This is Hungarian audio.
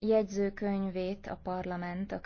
jegyzőkönyvét a parlament a